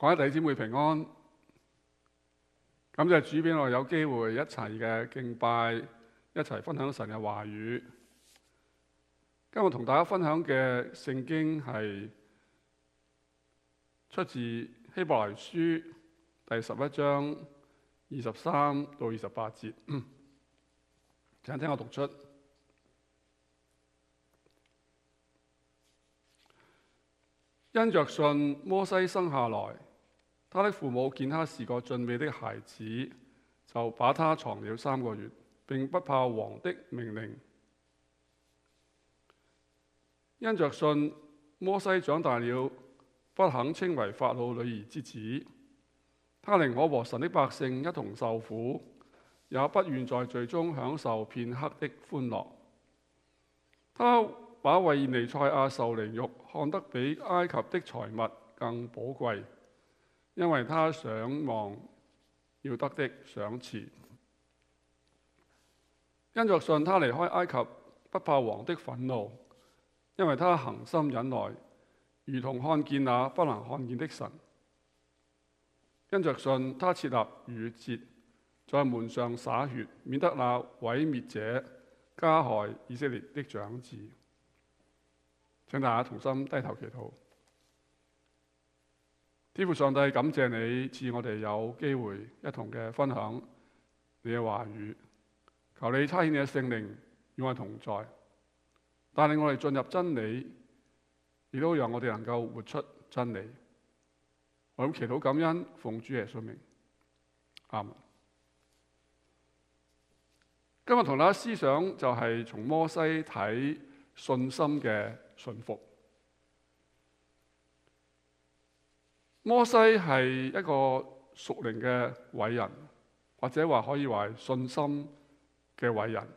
各位弟兄姊妹平安，感謝主畀我有機會一齊嘅敬拜，一齊分享神嘅話語。今日同大家分享嘅聖經係出自希伯來書第十一章二十三到二十八節，請聽我讀出。因着信摩西生下來。他的父母見他是個俊美的孩子，就把他藏了三個月，並不怕王的命令。因着信，摩西長大了，不肯稱為法老女兒之子。他寧可和神的百姓一同受苦，也不願在最終享受片刻的歡樂。他把維尼賽亞受凌辱看得比埃及的財物更寶貴。因為他想望要得的賞賜，因着信他離開埃及，不怕王的憤怒；因為他恒心忍耐，如同看見那不能看見的神。因着信他設立逾節，在門上灑血，免得那毀滅者加害以色列的長子。請大家同心低頭祈禱。賜福上帝，感謝你賜我哋有機會一同嘅分享你嘅話語。求你差遣你嘅聖靈與我同在，帶領我哋進入真理，亦都讓我哋能夠活出真理。我哋祈禱感恩，奉主耶穌名。阿門。今日同大家思想就係從摩西睇信心嘅信服。摩西係一個熟練嘅偉人，或者話可以話信心嘅偉人。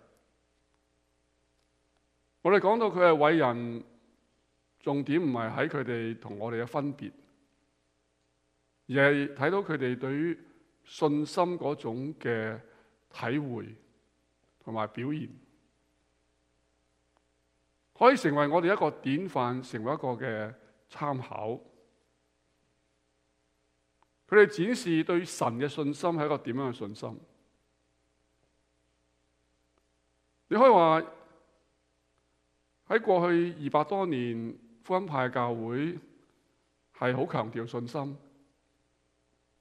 我哋講到佢嘅偉人，重點唔係喺佢哋同我哋嘅分別，而係睇到佢哋對於信心嗰種嘅體會同埋表現，可以成為我哋一個典範，成為一個嘅參考。佢哋展示對神嘅信心係一個點樣嘅信心？你可以話喺過去二百多年福音派教會係好強調信心，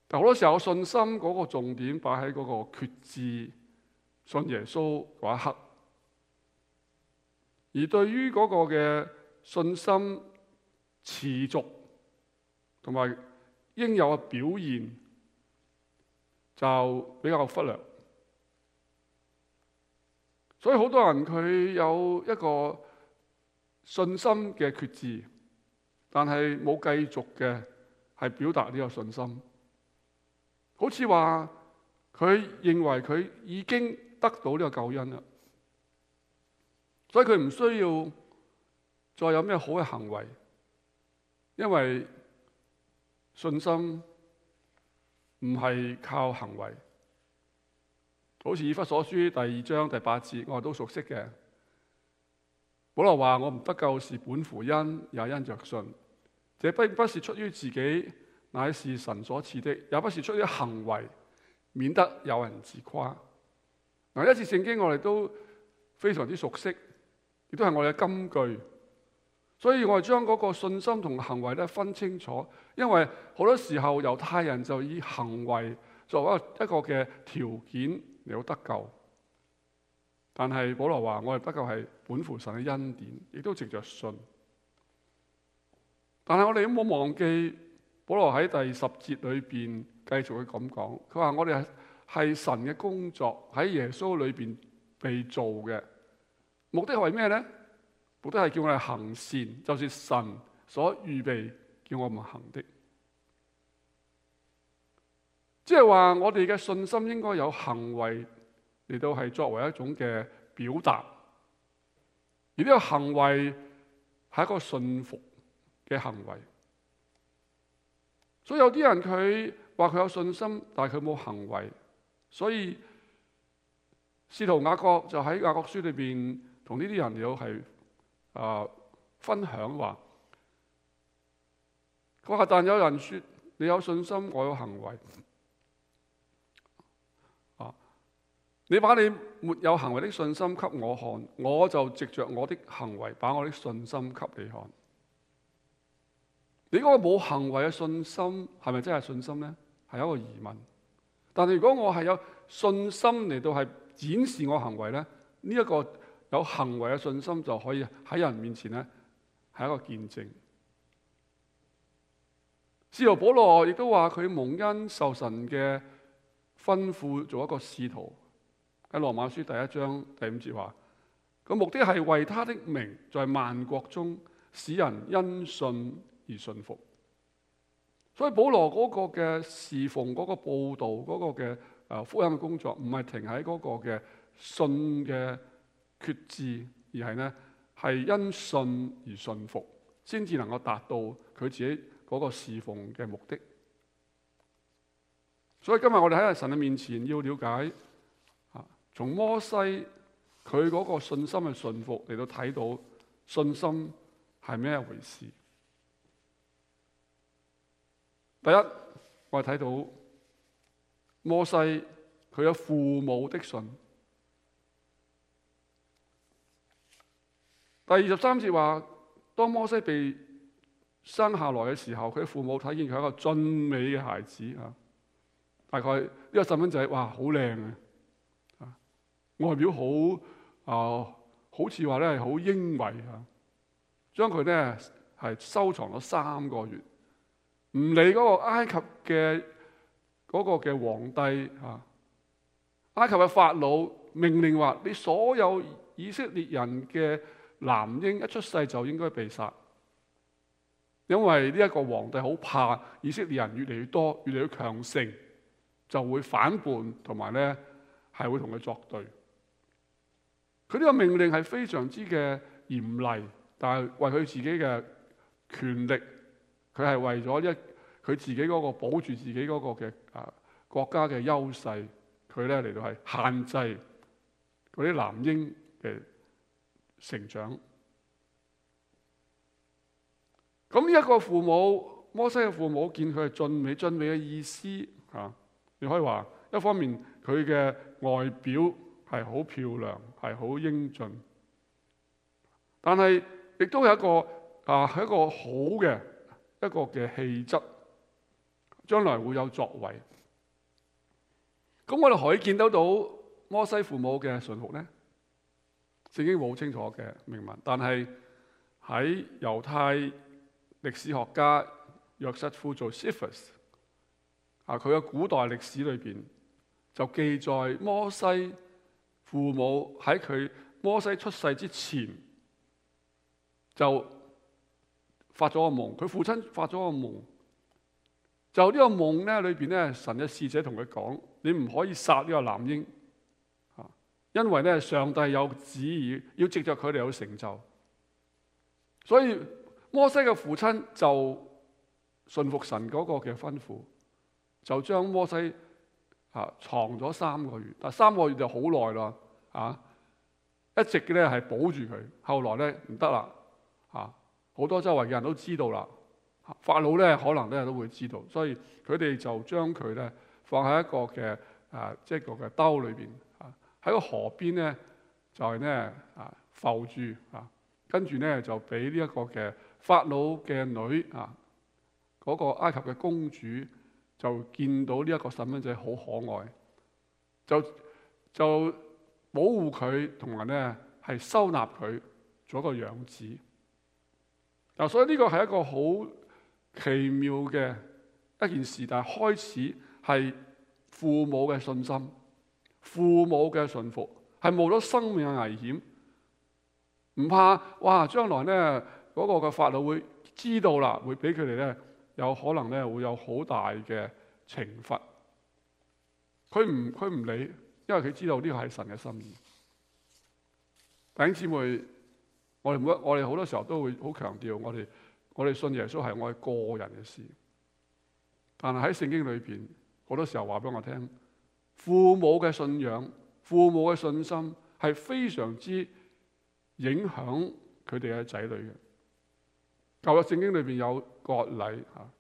但好多時候信心嗰個重點擺喺嗰個決志信耶穌嗰一刻，而對於嗰個嘅信心持續同埋。應有嘅表現就比較忽略，所以好多人佢有一個信心嘅決志，但係冇繼續嘅係表達呢個信心，好似話佢認為佢已經得到呢個救恩啦，所以佢唔需要再有咩好嘅行為，因為。信心唔係靠行為，好似以弗所書第二章第八節，我哋都熟悉嘅。保羅話：我唔得救是本乎恩，也因着信。這並不是出於自己，乃是神所賜的，也不是出於行為，免得有人自誇。嗱，一次聖經我哋都非常之熟悉，亦都係我哋嘅根據。所以我係將嗰個信心同行為咧分清楚，因為好多時候猶太人就以行為作為一個嘅條件嚟到得救，但係保羅話：我哋得救係本乎神嘅恩典，亦都藉着信。但係我哋都冇忘記，保羅喺第十節裏邊繼續去咁講，佢話：我哋係神嘅工作喺耶穌裏邊被做嘅，目的係咩咧？都係叫我哋行善，就是神所預備叫我們行的。即係話，我哋嘅信心應該有行為嚟到係作為一種嘅表達。而呢個行為係一個信服嘅行為。所以有啲人佢話佢有信心，但係佢冇行為。所以，使徒雅各就喺雅各書裏邊同呢啲人有係。啊！分享話，佢話：但有人説你有信心，我有行為，啊！你把你沒有行為的信心給我看，我就藉着我的行為把我的信心給你看。你嗰個冇行為嘅信心係咪真係信心呢？係一個疑問。但係如果我係有信心嚟到係展示我行為呢？呢、呢、一個。有行為嘅信心就可以喺人面前咧，係一個見證。使徒保羅亦都話佢蒙恩受神嘅吩咐做一個使徒，喺羅馬書第一章第五節話，個目的係為他的名在萬國中使人因信而信服。所以保羅嗰個嘅侍奉嗰個報道嗰個嘅啊福音嘅工作唔係停喺嗰個嘅信嘅。決志而係呢，而係咧係因信而信服，先至能夠達到佢自己嗰個侍奉嘅目的。所以今日我哋喺神嘅面前要了解，吓從摩西佢嗰個信心嘅信服嚟到睇到信心係咩一回事。第一，我哋睇到摩西佢有父母的信。第二十三節話，當摩西被生下來嘅時候，佢父母睇見佢係一個俊美嘅孩子啊，大概呢、這個細蚊仔哇，好靚啊，外表好啊、呃，好似話咧，係好英偉啊，將佢咧，係收藏咗三個月，唔理嗰個埃及嘅嗰、那個嘅皇帝啊，埃及嘅法老命令話，你所有以色列人嘅男嬰一出世就應該被殺，因為呢一個皇帝好怕以色列人越嚟越多，越嚟越強盛，就會反叛，同埋咧係會同佢作對。佢呢個命令係非常之嘅嚴厲，但係為佢自己嘅權力，佢係為咗一佢自己嗰個保住自己嗰個嘅啊國家嘅優勢，佢咧嚟到係限制嗰啲男嬰嘅。成長，咁一個父母摩西嘅父母見佢係俊美，俊美嘅意思吓，你可以話一方面佢嘅外表係好漂亮，係好英俊，但係亦都有一個啊係一個好嘅一個嘅氣質，將來會有作為。咁我哋可以見得到摩西父母嘅信服呢。正經冇清楚嘅，明白。但係喺猶太歷史學家約瑟夫做 Josephus 啊，佢嘅古代歷史裏邊就記載摩西父母喺佢摩西出世之前就發咗個夢，佢父親發咗個夢。就呢個夢咧，裏邊咧，神嘅使者同佢講：你唔可以殺呢個男嬰。因為咧，上帝有旨意，要藉着佢哋有成就，所以摩西嘅父親就信服神嗰個嘅吩咐，就將摩西啊藏咗三個月。但三個月就好耐啦，一直嘅咧係保住佢。後來咧唔得啦，好多周圍嘅人都知道啦，法老咧可能咧都會知道，所以佢哋就將佢咧放喺一個嘅，即係個嘅兜裏邊。喺個河邊咧，就係咧啊浮住啊，跟住咧就俾呢一個嘅法老嘅女啊，嗰個埃及嘅公主就見到呢一個細蚊仔好可愛，就就保護佢，同埋咧係收納佢做一個養子。嗱、啊，所以呢個係一個好奇妙嘅一件事，但係開始係父母嘅信心。父母嘅信服係冇咗生命嘅危險，唔怕哇！將來咧嗰個嘅法老會知道啦，會俾佢哋咧有可能咧會有好大嘅懲罰。佢唔佢唔理，因為佢知道呢個係神嘅心意。弟兄姊妹，我哋我我哋好多時候都會好強調我，我哋我哋信耶穌係我哋個人嘅事。但係喺聖經裏邊，好多時候話俾我聽。父母嘅信仰，父母嘅信心，係非常之影響佢哋嘅仔女嘅。舊約聖經裏邊有割禮，吓、啊，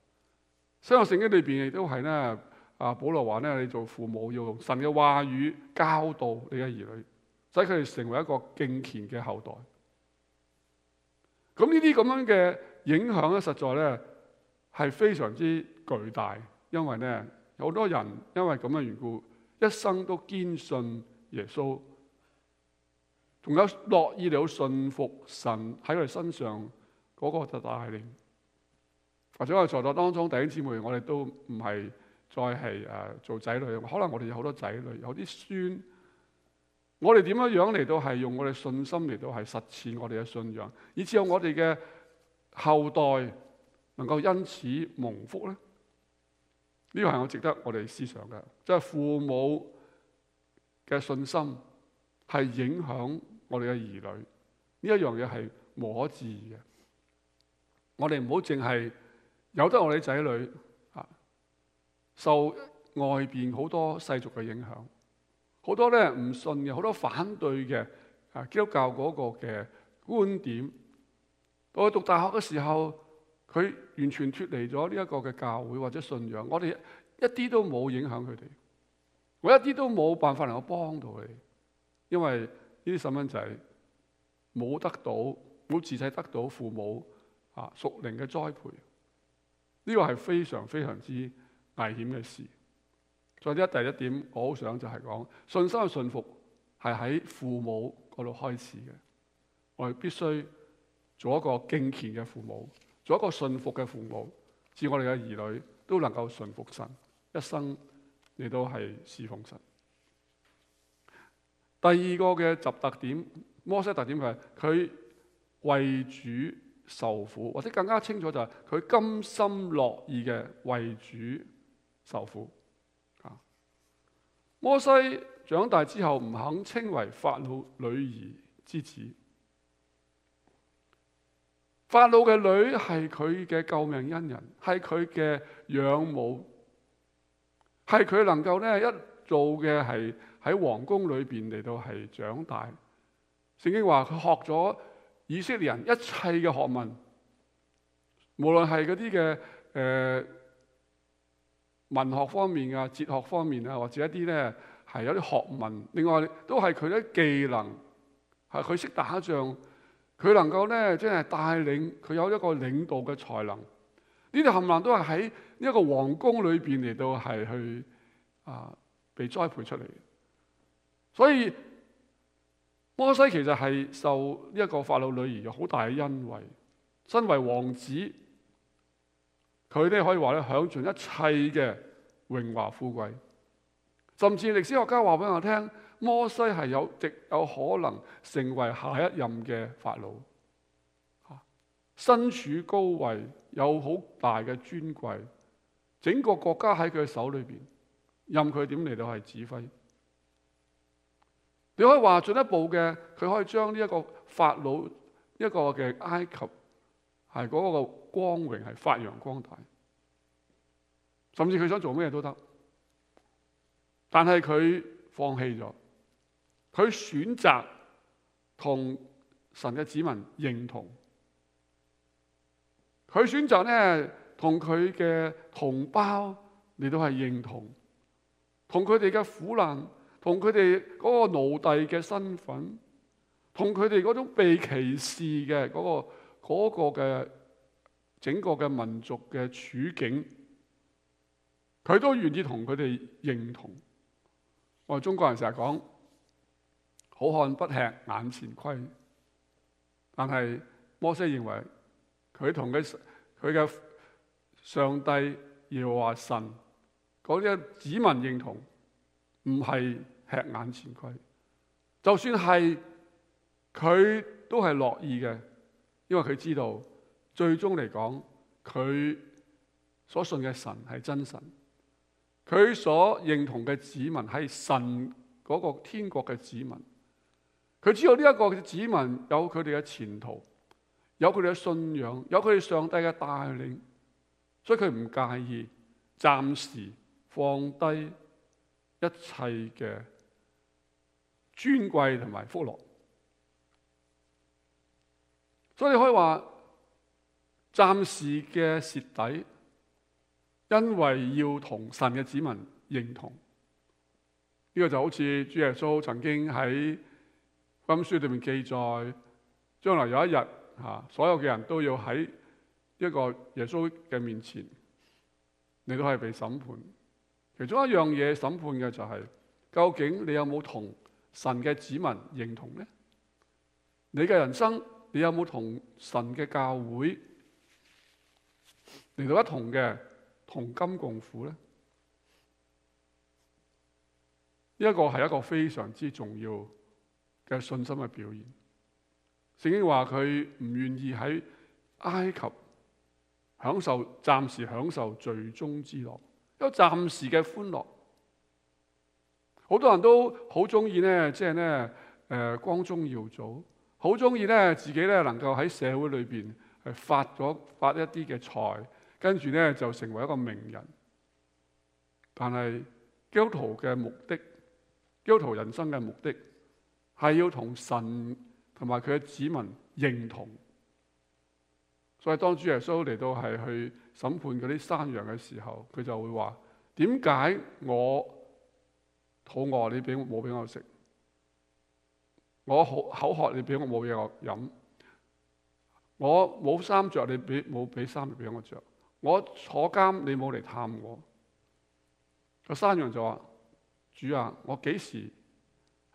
新約聖經裏邊亦都係咧。阿、啊、保羅話咧，你做父母要用神嘅話語教導你嘅兒女，使佢哋成為一個敬虔嘅後代。咁呢啲咁樣嘅影響咧，實在咧係非常之巨大，因為咧有好多人因為咁嘅緣故一生都堅信耶穌，仲有樂意嚟到信服神喺佢哋身上嗰個就帶領，或者我哋在座當中弟兄姊妹，我哋都唔係再係誒做仔女，可能我哋有好多仔女有啲孫，我哋點樣樣嚟到係用我哋信心嚟到係實踐我哋嘅信仰，以至到我哋嘅後代能夠因此蒙福咧。呢個係我值得我哋思想嘅，即係父母嘅信心係影響我哋嘅兒女，呢一樣嘢係無可置疑嘅。我哋唔好淨係由得我哋仔女啊受外邊好多世俗嘅影響，好多咧唔信嘅，好多反對嘅啊基督教嗰個嘅觀點。我讀大學嘅時候。佢完全脫離咗呢一個嘅教會或者信仰，我哋一啲都冇影響佢哋，我一啲都冇辦法能夠幫到佢哋，因為呢啲細蚊仔冇得到冇自細得到父母啊屬靈嘅栽培，呢個係非常非常之危險嘅事。再者，第一點開始的，我好想就係講信心嘅信服係喺父母嗰度開始嘅，我哋必須做一個敬虔嘅父母。做一個順服嘅父母，至我哋嘅兒女都能夠順服神，一生亦都係侍奉神。第二個嘅習特點，摩西特點係佢為主受苦，或者更加清楚就係佢甘心樂意嘅為主受苦。啊，摩西長大之後唔肯稱為法老女兒之子。法老嘅女係佢嘅救命恩人，係佢嘅養母，係佢能夠咧一做嘅係喺皇宮裏邊嚟到係長大。聖經話佢學咗以色列人一切嘅學問，無論係嗰啲嘅誒文學方面啊、哲學方面啊，或者一啲咧係有啲學問。另外都係佢啲技能，係佢識打仗。佢能夠咧，即係帶領佢有一個領導嘅才能。呢啲冚唪唥都係喺呢一個皇宮裏邊嚟到係去啊被栽培出嚟。所以摩西其實係受呢一個法老女兒有好大嘅恩惠。身為王子，佢哋可以話咧享盡一切嘅榮華富貴。甚至歷史學家話俾我聽。摩西係有極有可能成為下一任嘅法老，嚇，身處高位，有好大嘅尊貴，整個國家喺佢嘅手裏邊，任佢點嚟都係指揮。你可以話進一步嘅，佢可以將呢一個法老一個嘅埃及係嗰個光榮係發揚光大，甚至佢想做咩都得，但係佢放棄咗。佢選擇同神嘅子民認同，佢選擇咧同佢嘅同胞你都係認同，同佢哋嘅苦難，同佢哋嗰個奴隸嘅身份，同佢哋嗰種被歧視嘅嗰個嗰個嘅整個嘅民族嘅處境，佢都願意同佢哋認同。我哋中國人成日講。好漢不吃眼前虧，但係摩西認為佢同佢佢嘅上帝，而話神嗰啲子民認同，唔係吃眼前虧。就算係佢都係樂意嘅，因為佢知道最終嚟講，佢所信嘅神係真神，佢所認同嘅子民係神嗰個天國嘅子民。佢知道呢一個嘅子民有佢哋嘅前途，有佢哋嘅信仰，有佢哋上帝嘅帶領，所以佢唔介意暫時放低一切嘅尊貴同埋福樂。所以你可以話暫時嘅蝕底，因為要同神嘅子民認同。呢個就好似主耶穌曾經喺。《金書》裏面記載，將來有一日，吓所有嘅人都要喺一個耶穌嘅面前，你都可以被審判。其中一樣嘢審判嘅就係，究竟你有冇同神嘅子民認同呢？你嘅人生，你有冇同神嘅教會嚟到一同嘅同甘共苦呢？呢一個係一個非常之重要。嘅信心嘅表現，聖經話佢唔願意喺埃及享受暫時享受罪中之樂，有暫時嘅歡樂。好多人都好中意咧，即係咧，誒光宗耀祖，好中意咧自己咧能夠喺社會裏邊係發咗發一啲嘅財，跟住咧就成為一個名人。但係基督徒嘅目的，基督徒人生嘅目的。係要同神同埋佢嘅子民認同，所以當主耶穌嚟到係去審判嗰啲山羊嘅時候，佢就會話：點解我肚餓，你俾冇俾我食？我好口渴，你俾我冇嘢我飲？我冇衫着，你俾冇俾衫俾我着？我坐監，你冇嚟探我？個山羊就話：主啊，我幾時？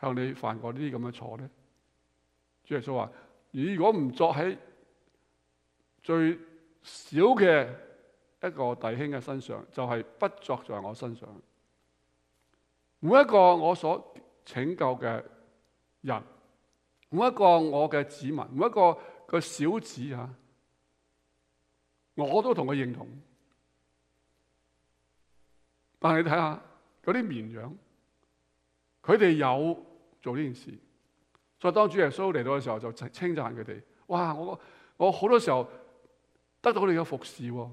向你犯過這錯呢啲咁嘅錯咧？主耶穌話：如果唔作喺最少嘅一個弟兄嘅身上，就係、是、不作在我身上。每一個我所拯救嘅人，每一個我嘅子民，每一個個小子啊，我都同佢認同。但係你睇下嗰啲綿羊。佢哋有做呢件事，所以當主耶穌嚟到嘅時候就稱讚佢哋。哇！我我好多時候得到你嘅服侍，我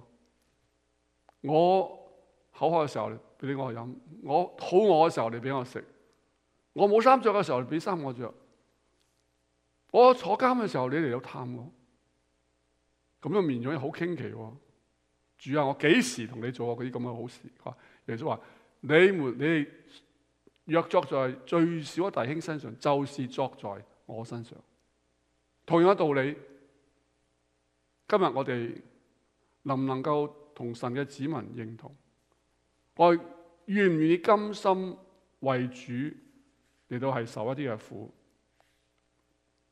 口渴嘅時候你俾我飲，我肚餓嘅時候你俾我食，我冇衫着嘅時候你俾衫我着，我，我坐監嘅時候你哋有探我，咁樣面容好驚奇。主啊，我幾時同你做過啲咁嘅好事？話耶穌話：你們你。若作在最少嘅弟兄身上，就是作在我身上。同樣嘅道理，今日我哋能唔能夠同神嘅子民認同？我願唔願意甘心為主你都係受一啲嘅苦？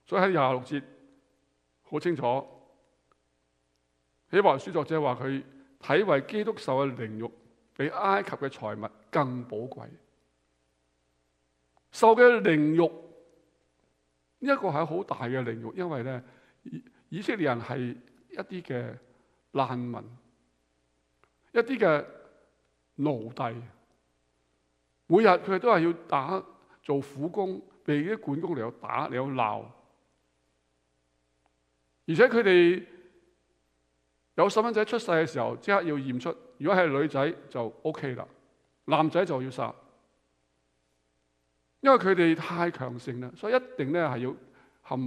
所以喺廿六節好清楚，希伯來書作者話佢體為基督受嘅凌辱，比埃及嘅財物更寶貴。受嘅凌辱，呢一個係好大嘅凌辱，因為咧以色列人係一啲嘅難民，一啲嘅奴隸，每日佢哋都係要打做苦工，被啲管工嚟到打嚟到鬧，而且佢哋有細蚊仔出世嘅時候，即刻要驗出，如果係女仔就 OK 啦，男仔就要殺。因為佢哋太強盛啦，所以一定咧係要冚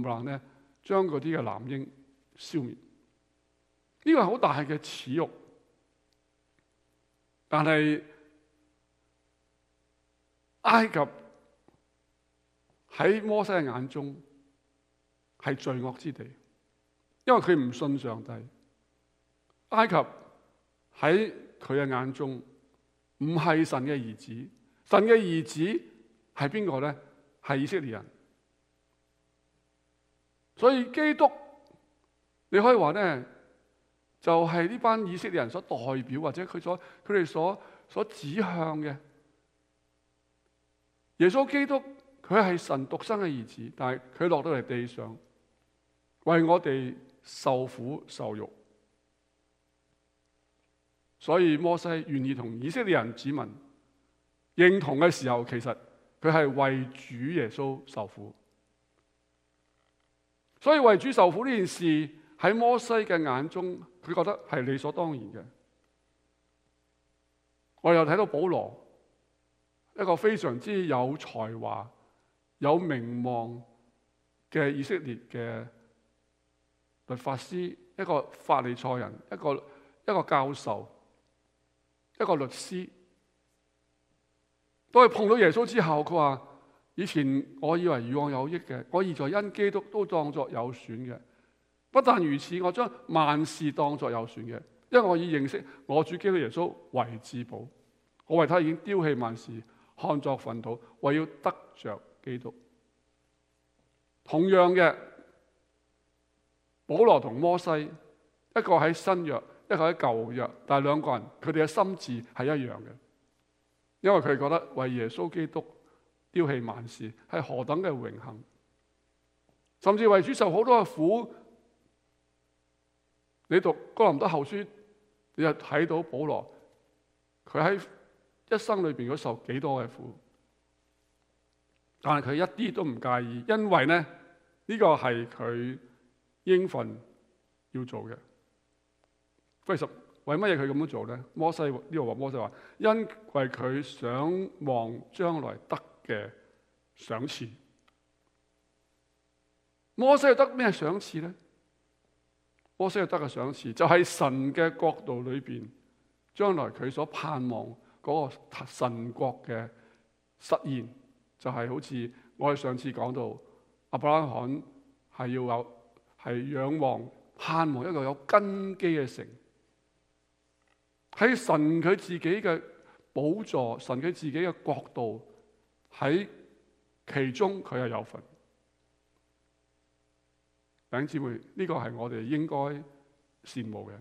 唪唥咧將嗰啲嘅男嬰消滅。呢個係好大嘅恥辱。但係埃及喺摩西嘅眼中係罪惡之地，因為佢唔信上帝。埃及喺佢嘅眼中唔係神嘅兒子，神嘅兒子。係邊個咧？係以色列人，所以基督你可以話咧，就係呢班以色列人所代表或者佢所佢哋所所指向嘅耶穌基督佢係神獨生嘅兒子，但係佢落到嚟地上為我哋受苦受辱，所以摩西願意同以色列人指民認同嘅時候，其實。佢係為主耶穌受苦，所以為主受苦呢件事喺摩西嘅眼中，佢覺得係理所當然嘅。我又睇到保羅，一個非常之有才華、有名望嘅以色列嘅律法師，一個法利賽人，一個一個教授，一個律師。都係碰到耶穌之後，佢話以前我以為與我有益嘅，我現在因基督都當作有損嘅。不但如此，我將萬事當作有損嘅，因為我已認識我主基督耶穌為至寶。我為他已經丟棄萬事，看作糞土，為要得着基督。同樣嘅，保羅同摩西，一個喺新約，一個喺舊約，但係兩個人佢哋嘅心智係一樣嘅。因為佢覺得為耶穌基督丟棄萬事係何等嘅榮幸，甚至為主受好多嘅苦。你讀哥林多後書，你又睇到保羅佢喺一生裏邊嗰受幾多嘅苦，但係佢一啲都唔介意，因為呢呢、這個係佢應份要做嘅。第十。為乜嘢佢咁樣做咧？摩西呢個話，說摩西話，因為佢想望將來得嘅賞賜。摩西又得咩賞賜咧？摩西又得嘅賞賜就係神嘅國度裏邊將來佢所盼望嗰個神國嘅實現，就係、是、好似我哋上次講到，亞伯拉罕係要有係仰望、盼望一個有根基嘅城。喺神佢自己嘅寶座，神佢自己嘅國度，喺其中佢係有份。弟兄姊妹，呢、這個係我哋應該羨慕嘅，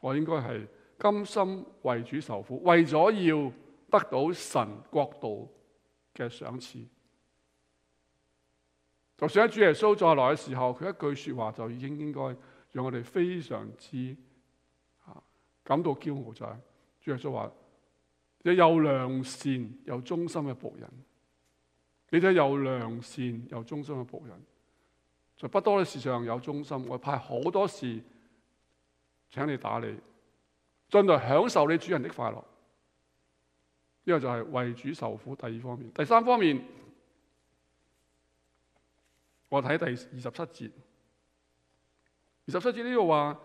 我應該係甘心為主受苦，為咗要得到神國度嘅賞賜。就算喺主耶穌再來嘅時候，佢一句說話就已經應該讓我哋非常之。感到驕傲就係、是。主耶穌話：你有良善有忠心嘅僕人，你睇，有良善有忠心嘅僕人，在不多嘅事上有忠心，我派好多事請你打理，進來享受你主人的快樂。呢個就係為主受苦第二方面。第三方面，我睇第二十七節，二十七節呢度話。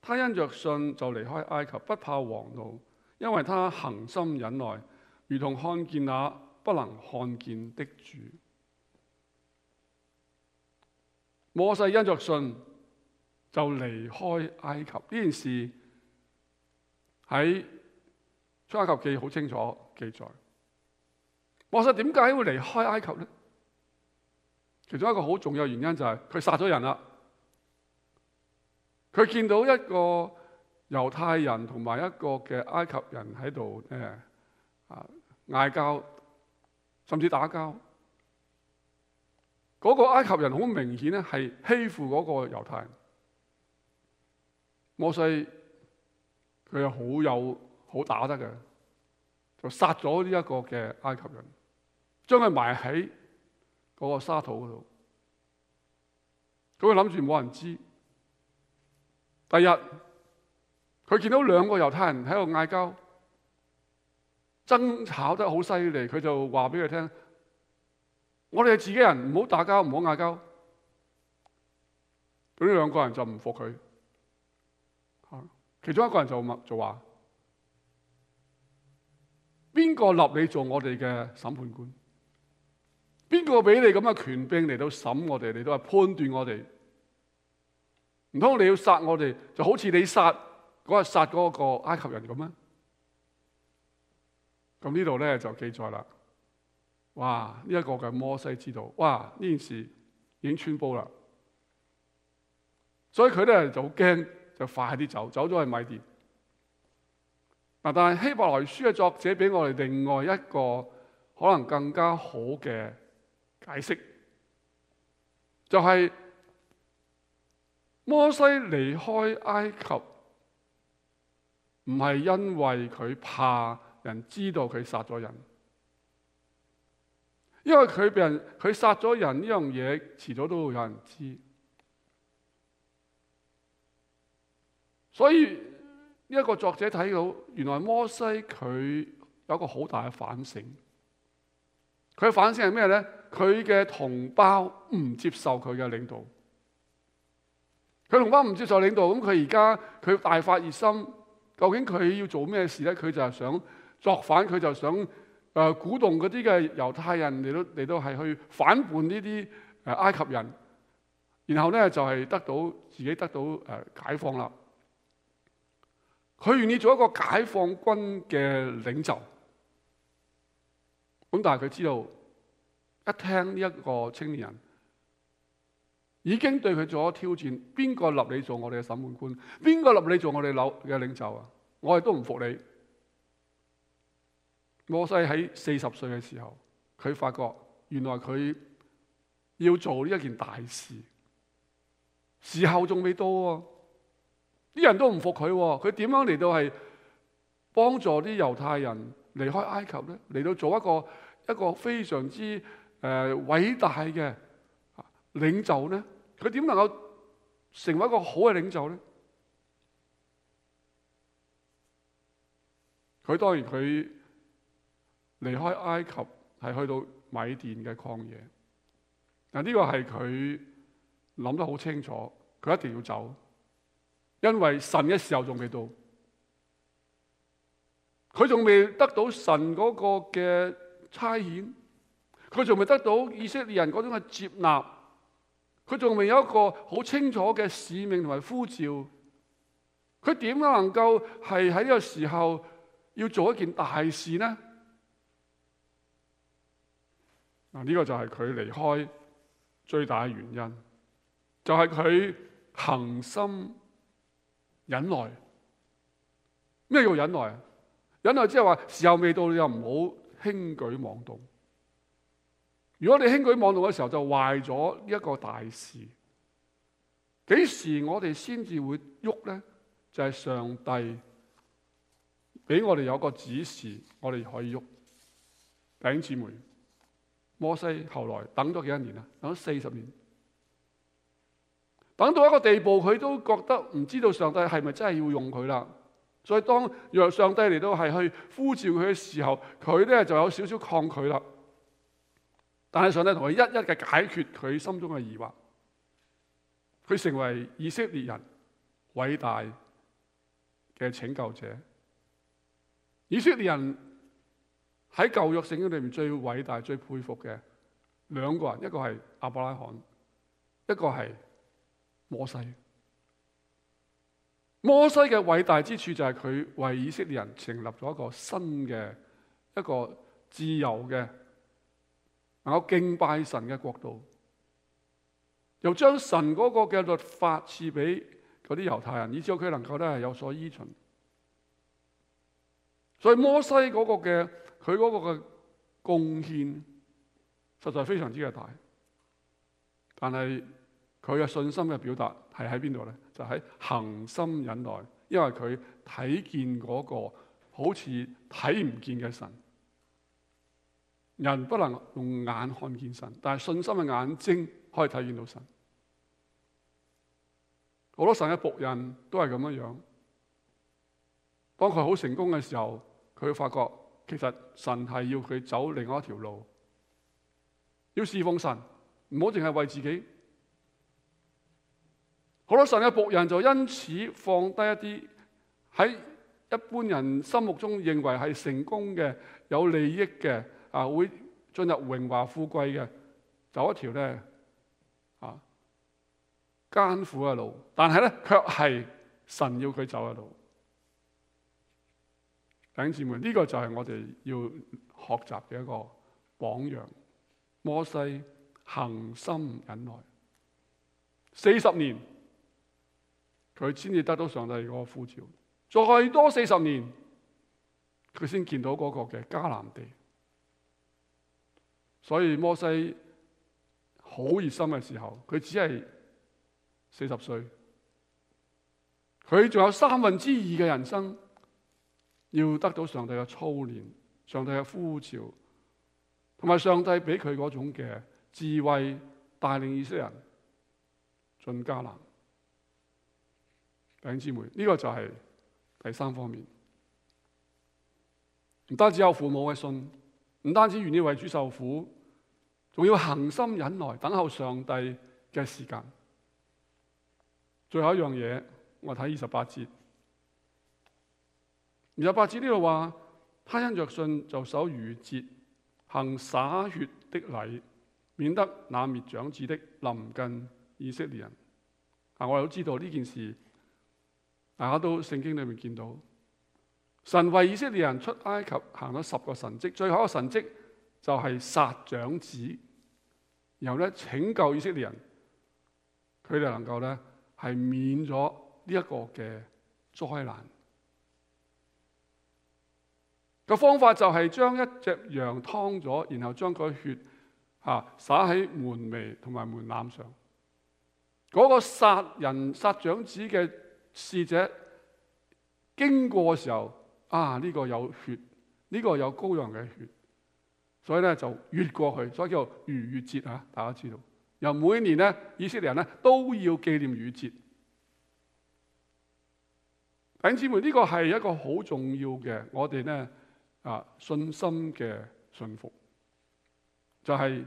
他因着信就離開埃及，不怕王怒，因為他恒心忍耐，如同看見那不能看見的主。摩西因着信就離開埃及，呢件事喺出埃及記好清楚記載。摩西點解會離開埃及咧？其中一個好重要原因就係佢殺咗人啦。佢見到一個猶太人同埋一個嘅埃及人喺度誒啊嗌交，甚至打交。嗰個埃及人好明顯咧係欺負嗰個猶太人。摩西佢又好有好打得嘅，就殺咗呢一個嘅埃及人，將佢埋喺嗰個沙土嗰度。佢諗住冇人知。第二日，佢見到兩個猶太人喺度嗌交，爭吵得好犀利，佢就話俾佢聽：我哋係自己人，唔好打交，唔好嗌交。咁呢兩個人就唔服佢，吓，其中一個人就問就話：邊個立你做我哋嘅審判官？邊個俾你咁嘅權柄嚟到審我哋，你都係判斷我哋？唔通你要殺我哋，就好似你殺嗰日殺嗰個埃及人咁啊？咁呢度咧就記載啦。哇！呢一個嘅摩西知道，哇！呢件事已經穿煲啦。所以佢咧就好驚，就快啲走，走咗去米甸。嗱，但係希伯來書嘅作者俾我哋另外一個可能更加好嘅解釋，就係。摩西離開埃及，唔係因為佢怕人知道佢殺咗人，因為佢俾人佢殺咗人呢樣嘢，遲早都會有人知。所以呢一個作者睇到，原來摩西佢有一個好大嘅反省。佢嘅反省係咩咧？佢嘅同胞唔接受佢嘅領導。佢同胞唔接受領導，咁佢而家佢大發熱心，究竟佢要做咩事咧？佢就係想作反，佢就想誒鼓動嗰啲嘅猶太人，嚟到嚟到係去反叛呢啲誒埃及人，然後咧就係、是、得到自己得到解放啦。佢願意做一個解放軍嘅領袖，咁但係佢知道一聽呢一個青年人。已經對佢做咗挑戰，邊個立你做我哋嘅審判官？邊個立你做我哋樓嘅領袖啊？我哋都唔服你。摩西喺四十歲嘅時候，佢發覺原來佢要做呢一件大事，時候仲未到喎，啲人都唔服佢，佢點樣嚟到係幫助啲猶太人離開埃及咧？嚟到做一個一個非常之誒偉大嘅。領袖呢？佢點能夠成為一個好嘅領袖呢？佢當然，佢離開埃及係去到米甸嘅曠野，嗱，呢個係佢諗得好清楚，佢一定要走，因為神嘅時候仲未到，佢仲未得到神嗰個嘅差遣，佢仲未得到以色列人嗰種嘅接納。佢仲未有一個好清楚嘅使命同埋呼召，佢點樣能夠係喺呢個時候要做一件大事呢？嗱，呢個就係佢離開最大嘅原因，就係佢恆心忍耐。咩叫忍耐啊？忍耐即係話時候未到，你又唔好輕舉妄動。如果我哋輕舉妄動嘅時候，就壞咗呢一個大事。幾時我哋先至會喐咧？就係、是、上帝俾我哋有個指示，我哋可以喐。弟兄姊妹，摩西後來等咗幾多年啊？等咗四十年，等到一個地步，佢都覺得唔知道上帝係咪真係要用佢啦。所以當若上帝嚟到係去呼召佢嘅時候，佢咧就有少少抗拒啦。但係上帝同佢一一嘅解決佢心中嘅疑惑，佢成為以色列人偉大嘅拯救者。以色列人喺舊約聖經裏面最偉大、最佩服嘅兩個人，一個係亞伯拉罕，一個係摩西。摩西嘅偉大之處就係佢為以色列人成立咗一個新嘅一個自由嘅。能夠敬拜神嘅國度，又將神嗰個嘅律法賜俾嗰啲猶太人，以至佢能夠咧有所依循。所以摩西嗰個嘅佢嗰個嘅貢獻，實在非常之嘅大。但係佢嘅信心嘅表達係喺邊度咧？就喺、是、恒心忍耐，因為佢睇見嗰個好似睇唔見嘅神。人不能用眼看見神，但係信心嘅眼睛可以睇見到神。好多神嘅僕人都係咁樣樣。當佢好成功嘅時候，佢會發覺其實神係要佢走另外一條路，要侍奉神，唔好淨係為自己。好多神嘅僕人就因此放低一啲喺一般人心目中認為係成功嘅，有利益嘅。啊！會進入榮華富貴嘅，走一條咧啊艱苦嘅路，但係咧卻係神要佢走嘅路。弟兄姊妹，呢個就係我哋要學習嘅一個榜樣。摩西恆心忍耐四十年，佢先至得到上帝嗰個呼召；再多四十年，佢先見到嗰個嘅迦南地。所以摩西好熱心嘅時候，佢只係四十歲，佢仲有三分之二嘅人生要得到上帝嘅操練、上帝嘅呼召，同埋上帝俾佢嗰種嘅智慧帶領以色列人進迦南。弟兄姊妹，呢、這個就係第三方面，唔單止有父母嘅信。唔單止願意為主受苦，仲要恒心忍耐等候上帝嘅時間。最後一樣嘢，我睇二十八節。二十八節呢度話，他因着信就守逾節，行灑血的禮，免得那滅長子的臨近以色列人。啊，我哋都知道呢件事，大家都聖經裏面見到。神為以色列人出埃及行咗十個神蹟，最後一個神蹟就係殺長子，然後咧拯救以色列人，佢哋能夠咧係免咗呢一個嘅災難。個方法就係將一隻羊劏咗，然後將個血吓、啊、灑喺門楣同埋門檻上。嗰、那個殺人殺長子嘅使者經過嘅時候。啊！呢、這個有血，呢、這個有羔羊嘅血，所以咧就越過去，所以叫做逾越節啊！大家知道，又每年咧，以色列人咧都要紀念逾越節。弟兄姊妹，呢、這個係一個好重要嘅，我哋咧啊信心嘅信服，就係、是、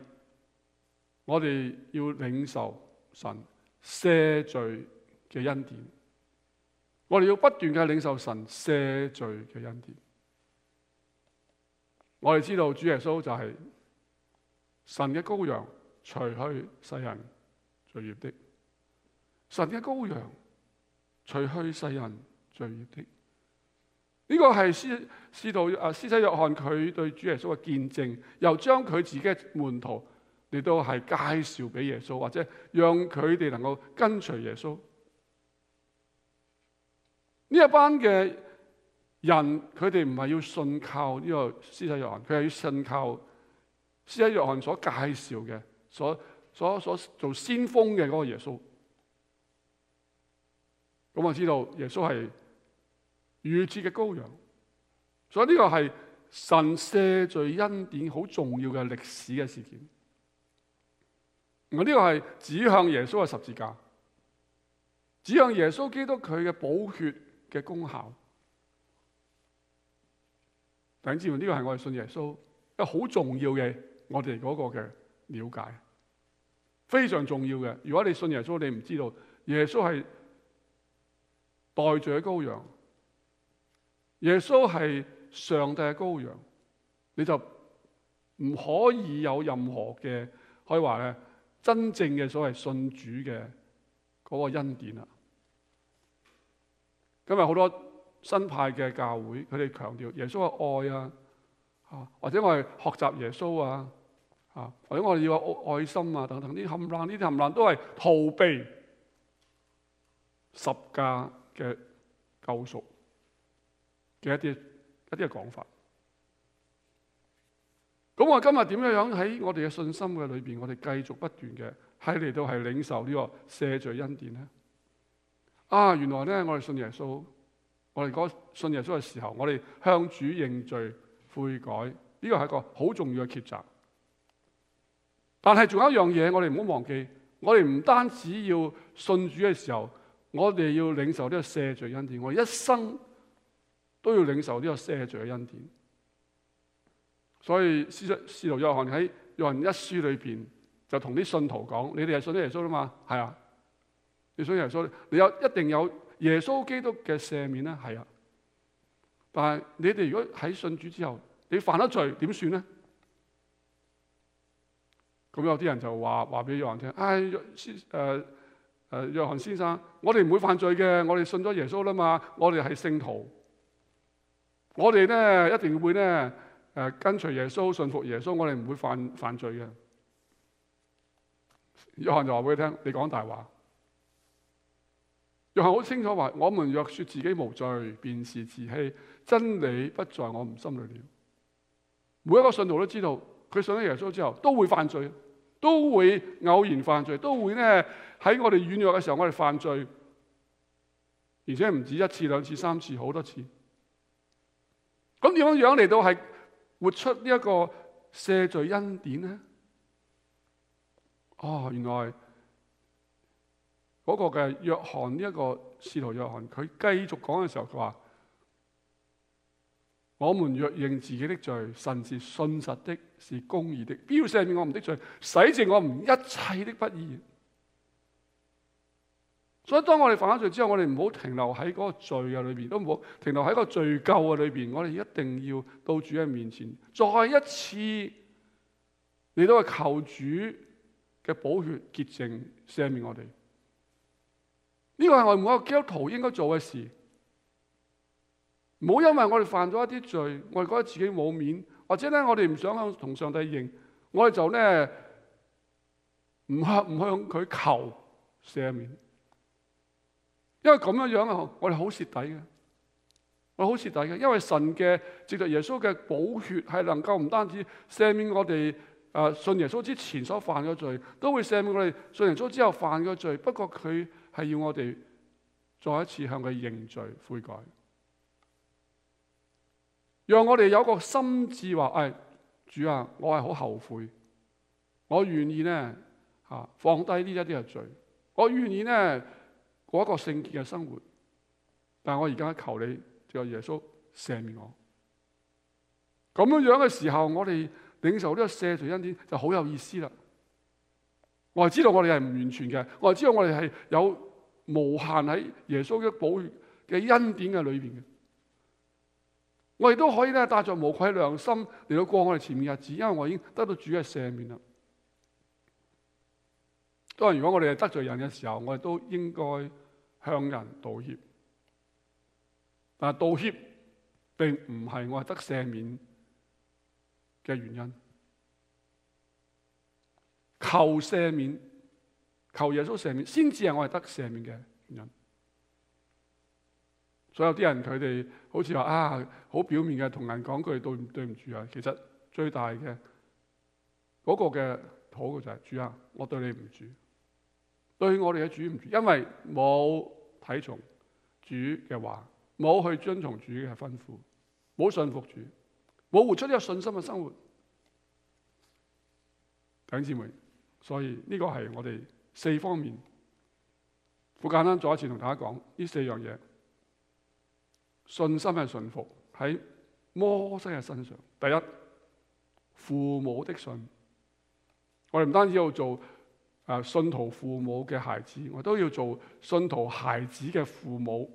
我哋要領受神赦罪嘅恩典。我哋要不斷嘅領受神赦罪嘅恩典。我哋知道主耶穌就係神嘅羔羊，除去世人罪孽的。神嘅羔羊，除去世人罪孽的這是司。呢個係施施洗啊，施洗約翰佢對主耶穌嘅見證，又將佢自己嘅門徒亦都係介紹俾耶穌，或者讓佢哋能夠跟隨耶穌。呢一班嘅人，佢哋唔係要信靠呢個施洗約翰，佢係要信靠施洗約翰所介紹嘅，所所所做先鋒嘅嗰個耶穌。咁我知道耶穌係預設嘅羔羊，所以呢個係神赦罪恩典好重要嘅歷史嘅事件。我、這、呢個係指向耶穌嘅十字架，指向耶穌基督佢嘅寶血。嘅功效，等住呢個係我哋信耶穌，一個好重要嘅我哋嗰個嘅了解，非常重要嘅。如果你信耶穌，你唔知道耶穌係代罪嘅羔羊，耶穌係上帝嘅羔羊，你就唔可以有任何嘅可以話咧，真正嘅所謂信主嘅嗰個恩典啊！今日好多新派嘅教會，佢哋強調耶穌嘅愛啊，啊或者我哋學習耶穌啊，啊或者我哋要有愛心啊等等，呢冚爛呢啲冚爛都係逃避十架嘅救贖嘅一啲一啲嘅講法。咁我今日點樣樣喺我哋嘅信心嘅裏邊，我哋繼續不斷嘅喺嚟到係領受呢個赦罪恩典咧。啊，原來咧，我哋信耶穌，我哋信耶穌嘅時候，我哋向主認罪悔改，呢個係一個好重要嘅抉擇。但係仲有一樣嘢，我哋唔好忘記，我哋唔單止要信主嘅時候，我哋要領受呢個赦罪恩典，我一生都要領受呢個赦罪嘅恩典。所以事實上，使徒約翰喺約翰一書裏邊就同啲信徒講：你哋係信咗耶穌啦嘛，係啊。你信耶穌你有一定有耶穌基督嘅赦免咧？係啊。但係你哋如果喺信主之後，你犯咗罪點算咧？咁有啲人就話話俾約翰聽：，唉、哎，先誒誒，約、呃、翰、呃、先生，我哋唔會犯罪嘅，我哋信咗耶穌啦嘛，我哋係聖徒，我哋咧一定會咧誒、呃、跟隨耶穌，信服耶穌，我哋唔會犯犯罪嘅。約翰就話俾佢聽：，你講大話。又係好清楚話，我們若說自己無罪，便是自欺，真理不在我們心裏了。每一個信徒都知道，佢信咗耶穌之後，都會犯罪，都會偶然犯罪，都會咧喺我哋軟弱嘅時候，我哋犯罪，而且唔止一次、兩次、三次，好多次。咁點樣樣嚟到係活出呢一個赦罪恩典呢？哦，原來。嗰個嘅約翰，呢一個使徒約翰，佢繼續講嘅時候，佢話：我們若認自己的罪，神是信實的，是公義的，必要赦免我們的罪，洗淨我們一切的不義。所以當我哋犯咗罪之後，我哋唔好停留喺嗰個罪嘅裏邊，都唔好停留喺個罪咎嘅裏邊。我哋一定要到主嘅面前，再一次嚟到去求主嘅寶血潔淨，赦免我哋。呢個係我哋每個基督徒應該做嘅事，唔好因為我哋犯咗一啲罪，我哋覺得自己冇面，或者咧我哋唔想向同上帝認，我哋就咧唔向唔向佢求赦免，因為咁樣樣啊，我哋好蝕底嘅，我哋好蝕底嘅，因為神嘅藉着耶穌嘅寶血係能夠唔單止赦免我哋啊信耶穌之前所犯嘅罪，都會赦免我哋信耶穌之後犯嘅罪，不過佢係要我哋再一次向佢認罪悔改，讓我哋有個心志話：「哎，主啊，我係好後悔，我願意咧吓放低呢一啲嘅罪，我願意咧過一個聖潔嘅生活。但係我而家求你，叫耶穌赦免我。咁樣樣嘅時候，我哋領受呢個赦罪恩典就好有意思啦。我係知道我哋係唔完全嘅，我係知道我哋係有無限喺耶穌嘅保嘅恩典嘅裏邊嘅。我哋都可以咧，帶住無愧良心嚟到過我哋前面的日子，因為我已經得到主嘅赦免啦。當然，如果我哋係得罪人嘅時候，我哋都應該向人道歉。但係道歉並唔係我係得赦免嘅原因。求赦免，求耶穌赦免，先至係我哋得赦免嘅原因。所有啲人佢哋好似話啊，好表面嘅同人講句對唔對唔住啊，其實最大嘅嗰、那個嘅好嘅就係、是、主啊，我對你唔住，對我哋嘅主唔住，因為冇睇從主嘅話，冇去遵從主嘅吩咐，冇信服主，冇活出呢個信心嘅生活，弟兄姊妹。所以呢個係我哋四方面，我簡單再一次同大家講呢四樣嘢：信心嘅信服喺摩西嘅身上。第一，父母的信，我哋唔單止要做信徒父母嘅孩子，我都要做信徒孩子嘅父母，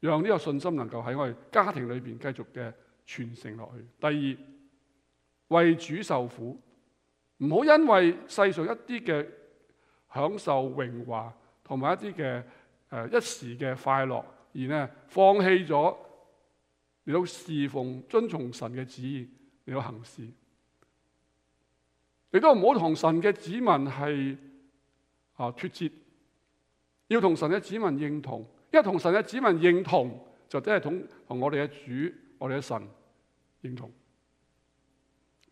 讓呢個信心能夠喺我哋家庭裏邊繼續嘅傳承落去。第二，為主受苦。唔好因為世上一啲嘅享受榮華，同埋一啲嘅誒一時嘅快樂，而呢放棄咗你都侍奉、遵從神嘅旨意嚟到行事。你都唔好同神嘅子民係啊脫節，要同神嘅子民認同，因為同神嘅子民認同，就即係同同我哋嘅主、我哋嘅神認同。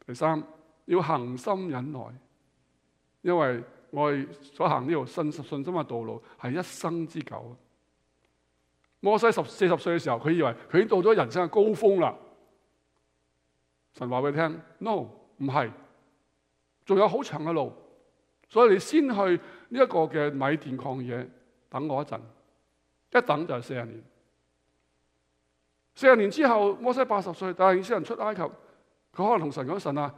第三。要恒心忍耐，因為我哋所行呢條信信心嘅道路係一生之久。摩西十四十歲嘅時候，佢以為佢已經到咗人生嘅高峰啦。神話畀你聽，no，唔係，仲有好長嘅路。所以你先去呢一個嘅米甸曠野等我一陣，一等就係四十年。四十年之後，摩西八十歲，但係以色列人出埃及，佢可能同神講：神啊！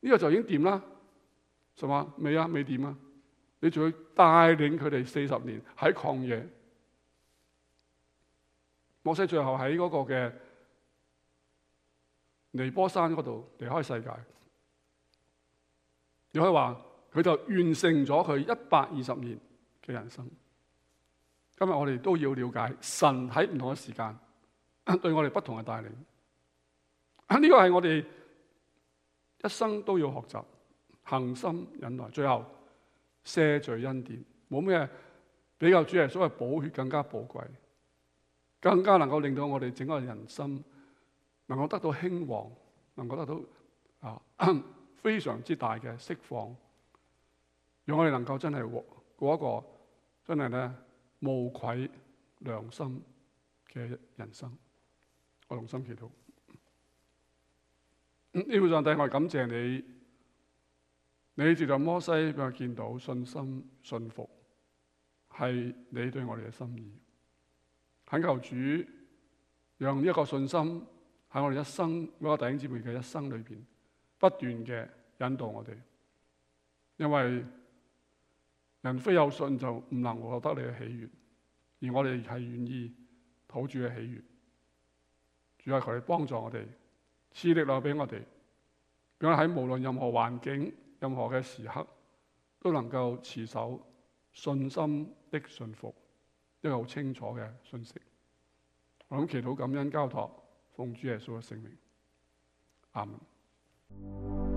呢、這個就已經掂啦，就話，未啊，未掂啊！你仲要帶領佢哋四十年喺曠野，摩西最後喺嗰個嘅尼波山嗰度離開世界。你可以話佢就完成咗佢一百二十年嘅人生。今日我哋都要了解神喺唔同嘅時間對我哋不同嘅帶領。呢、這個係我哋。一生都要學習，恆心忍耐，最後謝罪恩典，冇咩比較主義，主係所謂寶血更加寶貴，更加能夠令到我哋整個人生能夠得到興旺，能夠得到啊，非常之大嘅釋放，讓我哋能夠真係過一個真係咧無愧良心嘅人生，我同心祈禱。基本上帝，第我感謝你，你藉着摩西俾我見到信心信服，係你對我哋嘅心意，懇求主讓呢一個信心喺我哋一生，我嘅弟兄姊妹嘅一生裏邊不斷嘅引導我哋，因為人非有信就唔能獲得你嘅喜悅，而我哋係願意討主嘅喜悅，主啊求你幫助我哋。賜力留俾我哋，讓我哋喺無論任何環境、任何嘅時刻都能夠持守信心的信服，一個好清楚嘅信息。我諗祈禱感恩交託，奉主耶穌嘅聖名，阿門。